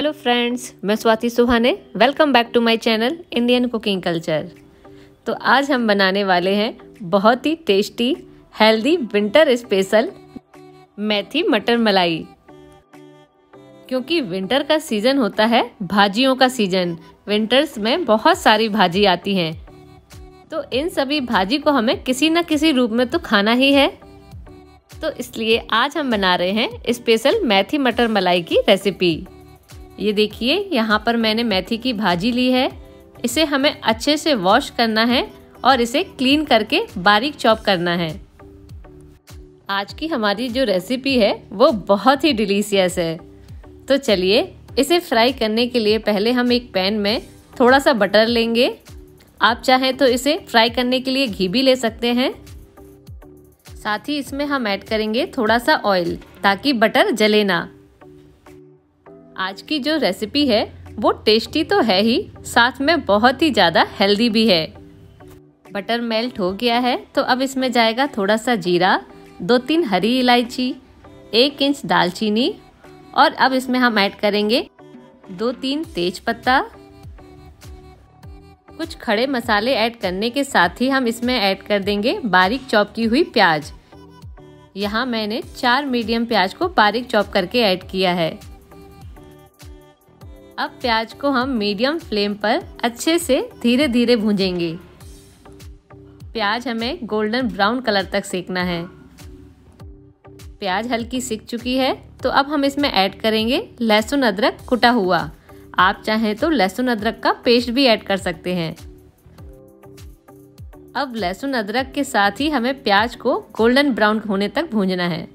hello friends मैं Swati Suhane welcome back to my channel Indian cooking culture तो आज हम बनाने वाले हैं बहुत ही टेस्टी हेल्दी विंटर स्पेशल मेथी मटर मलाई क्योंकि विंटर का सीज़न होता है भाजियों का सीज़न विंटर्स में बहुत सारी भाजी आती हैं तो इन सभी भाजी को हमें किसी न किसी रूप में तो खाना ही है तो इसलिए आज हम बना रहे हैं स्पेशल मैथी मटर मलाई की रेसिपी ये देखिए यहाँ पर मैंने मेथी की भाजी ली है इसे हमें अच्छे से वॉश करना है और इसे क्लीन करके बारीक चॉप करना है आज की हमारी जो रेसिपी है वो बहुत ही डिलीशियस है तो चलिए इसे फ्राई करने के लिए पहले हम एक पैन में थोड़ा सा बटर लेंगे आप चाहें तो इसे फ्राई करने के लिए घी भी ले सकते हैं साथ ही इसमें हम ऐड करेंगे थोड़ा सा ऑयल ताकि बटर जले ना आज की जो रेसिपी है वो टेस्टी तो है ही साथ में बहुत ही ज़्यादा हेल्दी भी है बटर मेल्ट हो गया है तो अब इसमें जाएगा थोड़ा सा जीरा दो तीन हरी इलायची एक इंच दालचीनी और अब इसमें हम ऐड करेंगे दो तीन तेज पत्ता कुछ खड़े मसाले ऐड करने के साथ ही हम इसमें ऐड कर देंगे बारीक चॉप की हुई प्याज यहाँ मैंने चार मीडियम प्याज को बारीक चॉप करके ऐड किया है अब प्याज को हम मीडियम फ्लेम पर अच्छे से धीरे धीरे भूंजेंगे प्याज हमें गोल्डन ब्राउन कलर तक सेकना है प्याज हल्की सिक चुकी है तो अब हम इसमें ऐड करेंगे लहसुन अदरक कुटा हुआ आप चाहें तो लहसुन अदरक का पेस्ट भी ऐड कर सकते हैं अब लहसुन अदरक के साथ ही हमें प्याज को गोल्डन ब्राउन होने तक भूंजना है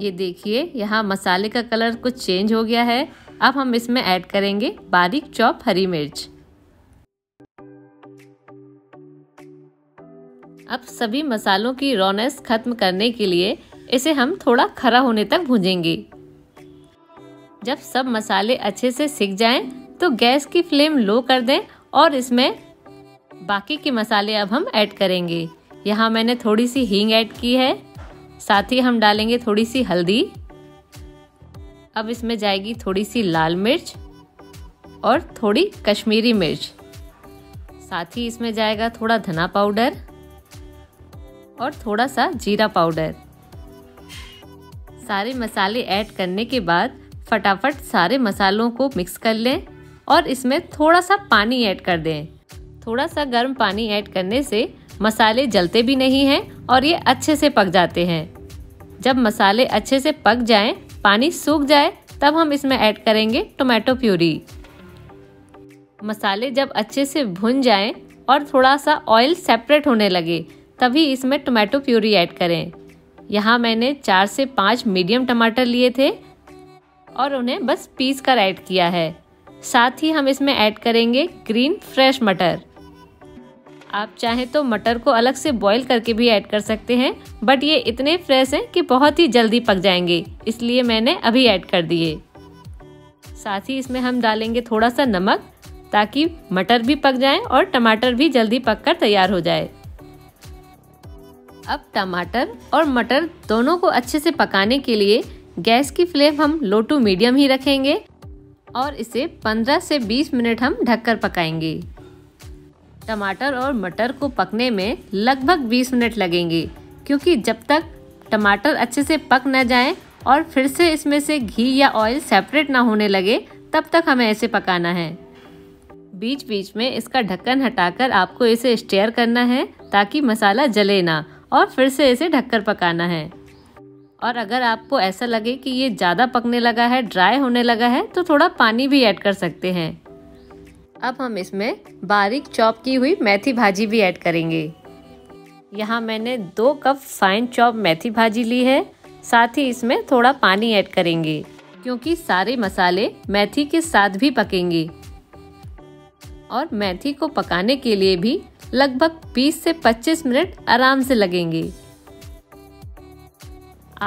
ये देखिए यहाँ मसाले का कलर कुछ चेंज हो गया है अब हम इसमें ऐड करेंगे बारीक चॉप हरी मिर्च अब सभी मसालों की रोनेस खत्म करने के लिए इसे हम थोड़ा खरा होने तक भूजेंगे जब सब मसाले अच्छे से सिक जाएं, तो गैस की फ्लेम लो कर दें और इसमें बाकी के मसाले अब हम ऐड करेंगे यहाँ मैंने थोड़ी सी हींग ऐड की है साथ ही हम डालेंगे थोड़ी सी हल्दी अब इसमें जाएगी थोड़ी सी लाल मिर्च और थोड़ी कश्मीरी मिर्च साथ ही इसमें जाएगा थोड़ा धना पाउडर और थोड़ा सा जीरा पाउडर सारे मसाले ऐड करने के बाद फटाफट सारे मसालों को मिक्स कर लें और इसमें थोड़ा सा पानी ऐड कर दें थोड़ा सा गर्म पानी ऐड करने से मसाले जलते भी नहीं हैं और ये अच्छे से पक जाते हैं जब मसाले अच्छे से पक जाएं पानी सूख जाए तब हम इसमें ऐड करेंगे टोमेटो प्यूरी मसाले जब अच्छे से भुन जाएं और थोड़ा सा ऑयल सेपरेट होने लगे तभी इसमें टोमेटो प्यूरी ऐड करें यहाँ मैंने चार से पाँच मीडियम टमाटर लिए थे और उन्हें बस पीस कर ऐड किया है साथ ही हम इसमें ऐड करेंगे ग्रीन फ्रेश मटर आप चाहें तो मटर को अलग से बॉईल करके भी ऐड कर सकते हैं बट ये इतने फ्रेश हैं कि बहुत ही जल्दी पक जाएंगे इसलिए मैंने अभी ऐड कर दिए साथ ही इसमें हम डालेंगे थोड़ा सा नमक ताकि मटर भी पक जाए और टमाटर भी जल्दी पक तैयार हो जाए अब टमाटर और मटर दोनों को अच्छे से पकाने के लिए गैस की फ्लेम हम लो टू मीडियम ही रखेंगे और इसे 15 से 20 मिनट हम ढककर पकाएंगे टमाटर और मटर को पकने में लगभग 20 मिनट लगेंगे क्योंकि जब तक टमाटर अच्छे से पक न जाए और फिर से इसमें से घी या ऑयल सेपरेट ना होने लगे तब तक हमें ऐसे पकाना है बीच बीच में इसका ढक्कन हटाकर आपको इसे स्टेयर करना है ताकि मसाला जले ना और फिर से इसे ढककर पकाना है और अगर आपको ऐसा लगे कि ये ज़्यादा पकने लगा है ड्राई होने लगा है तो थोड़ा पानी भी ऐड कर सकते हैं अब हम इसमें बारीक चॉप की हुई मेथी भाजी भी ऐड करेंगे यहाँ मैंने दो कप फाइन चॉप मेथी भाजी ली है साथ ही इसमें थोड़ा पानी ऐड करेंगे क्योंकि सारे मसाले मेथी के साथ भी पकेंगे और मेथी को पकाने के लिए भी लगभग 20 से 25 मिनट आराम से लगेंगे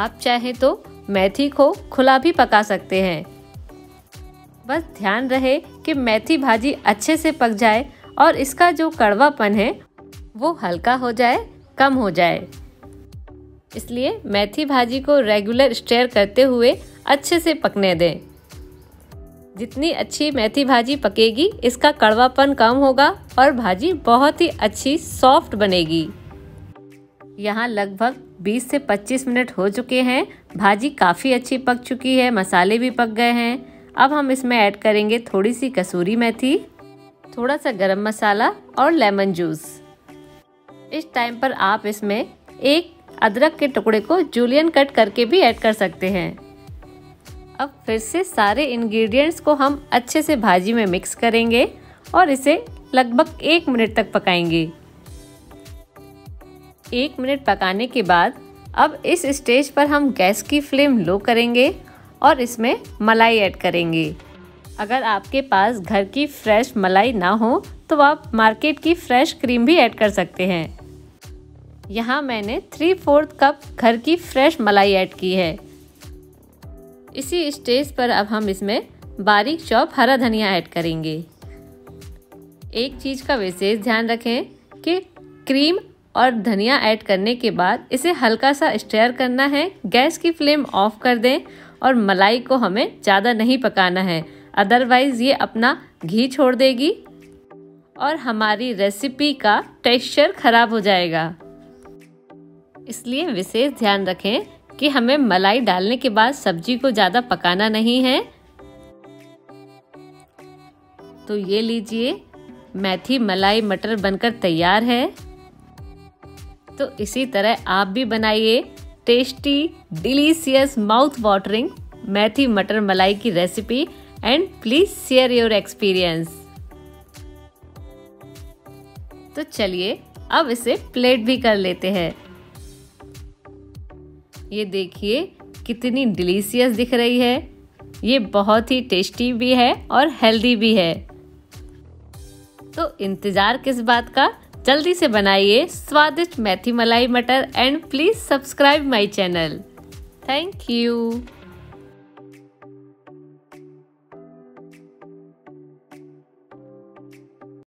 आप चाहें तो मेथी को खुला भी पका सकते हैं बस ध्यान रहे कि मेथी भाजी अच्छे से पक जाए और इसका जो कड़वापन है वो हल्का हो जाए कम हो जाए इसलिए मेथी भाजी को रेगुलर स्टेयर करते हुए अच्छे से पकने दें जितनी अच्छी मेथी भाजी पकेगी इसका कड़वापन कम होगा और भाजी बहुत ही अच्छी सॉफ्ट बनेगी यहाँ लगभग 20 से 25 मिनट हो चुके हैं भाजी काफ़ी अच्छी पक चुकी है मसाले भी पक गए हैं अब हम इसमें ऐड करेंगे थोड़ी सी कसूरी मेथी थोड़ा सा गरम मसाला और लेमन जूस इस टाइम पर आप इसमें एक अदरक के टुकड़े को जूलियन कट करके भी ऐड कर सकते हैं अब फिर से सारे इंग्रेडिएंट्स को हम अच्छे से भाजी में मिक्स करेंगे और इसे लगभग एक मिनट तक पकाएंगे एक मिनट पकाने के बाद अब इस स्टेज पर हम गैस की फ्लेम लो करेंगे और इसमें मलाई ऐड करेंगे अगर आपके पास घर की फ्रेश मलाई ना हो तो आप मार्केट की फ्रेश क्रीम भी ऐड कर सकते हैं यहाँ मैंने थ्री फोर्थ कप घर की फ्रेश मलाई ऐड की है इसी स्टेज पर अब हम इसमें बारीक चॉप हरा धनिया ऐड करेंगे एक चीज़ का विशेष ध्यान रखें कि क्रीम और धनिया ऐड करने के बाद इसे हल्का सा स्टेयर करना है गैस की फ्लेम ऑफ कर दें और मलाई को हमें ज़्यादा नहीं पकाना है अदरवाइज़ ये अपना घी छोड़ देगी और हमारी रेसिपी का टेक्सचर ख़राब हो जाएगा इसलिए विशेष ध्यान रखें कि हमें मलाई डालने के बाद सब्जी को ज़्यादा पकाना नहीं है तो ये लीजिए मैथी मलाई मटर बनकर तैयार है तो इसी तरह आप भी बनाइए टेस्टी डिलीशियस माउथ वाटरिंग मैथी मटर मलाई की recipe and please share your experience तो चलिए अब इसे प्लेट भी कर लेते हैं ये देखिए कितनी डिलीशियस दिख रही है ये बहुत ही टेस्टी भी है और हेल्दी भी है तो इंतज़ार किस बात का जल्दी से बनाइए स्वादिष्ट मेथी मलाई मटर and please subscribe my channel thank you